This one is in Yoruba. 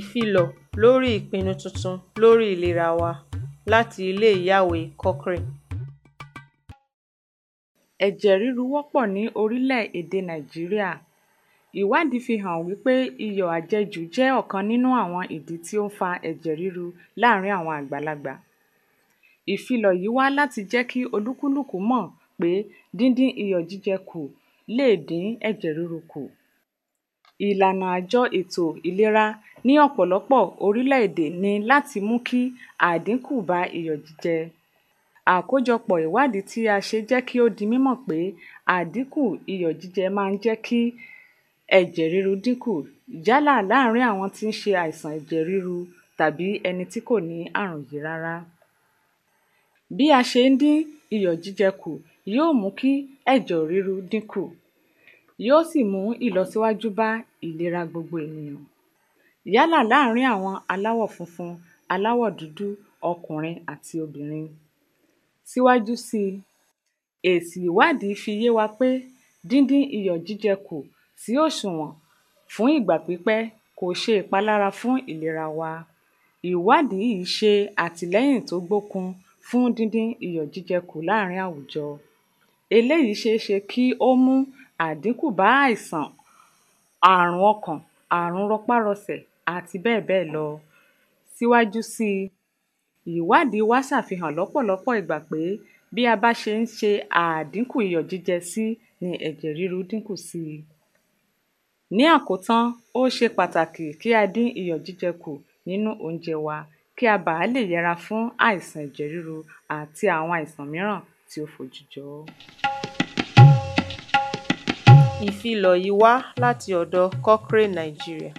ìfilọ̀ lórí ìpinnu tuntun lórí ìlera wa láti ilé ìyàwé cochrane. Ẹ̀jẹ̀ ríru wọ́pọ̀ ní orílẹ̀-èdè Nàìjíríà. Ìwádìí fi hàn wípé iyọ̀ àjẹjù jẹ́ ọ̀kan nínú àwọn ìdí tí ó ń fa ẹ̀jẹ̀ ríru láàárín àwọn àgbàlagbà. Ìfilọ̀ yìí wá láti jẹ́ kí olúkúlùkù mọ̀ pé díndín iyọ̀ jíjẹ kù lè dín ẹ̀jẹ̀ ríru kù. Ìlànà àjọ ètò ìlera ní ọ̀pọ̀lọpọ̀ orílẹ̀-èdè ni láti mú kí àdínkù bá iyọ̀ jíjẹ. Àkójọpọ̀ ìwádìí tí a ṣe jẹ́ kí ó di mímọ̀ pé àdínkù iyọ̀ jíjẹ máa ń jẹ́ kí ẹ̀jẹ̀ ríru dínkù yálà láàárín àwọn tí ń ṣe àìsàn ẹ̀jẹ̀ ríru tàbí ẹni tí kò ní àrùn yìí rárá. Bí a ṣe ń dín iyọ̀ jíjẹ kù yóò mú kí ẹ̀jẹ̀ ríru dínkù yóò sì mú ìlọsíwájú bá ìlera gbogbo ènìyàn yálà láàárín àwọn aláwọ̀ funfun aláwọ̀ dúdú ọkùnrin àti obìnrin síwájú sí i èsì ìwádìí fi yé wa pé díndín iyọ̀ jíjẹ kù sí òṣùwọ̀n fún ìgbà pípẹ́ kò ṣe ìpalára fún ìlera wa ìwádìí yìí ṣe àtìlẹ́yìn tó gbókun fún díndín iyọ̀ jíjẹ kù láàárín àwùjọ eléyìí ṣeé ṣe kí ó mú àdínkù bá àìsàn àrùn ọkàn àrùn rọpárọsẹ̀ àti bẹ́ẹ̀ bẹ́ẹ̀ lọ síwájú sí i ìwádìí wa ṣàfihàn lọ́pọ̀lọpọ̀ ìgbà pé bí a bá ṣe ń ṣe àdínkù iyọ̀ jíjẹ sí ni ẹ̀jẹ̀ ríru dínkù sí i ní àkótán ó ṣe pàtàkì kí a dín iyọ̀ jíjẹ kù nínú oúnjẹ wa kí a bàa lè yẹra fún àìsàn ẹ̀jẹ̀ ríru àti àwọn àìsàn mìíràn tí ó fojújọ ìfilọ̀ yìí wá láti ọ̀dọ̀ cochrane nigeria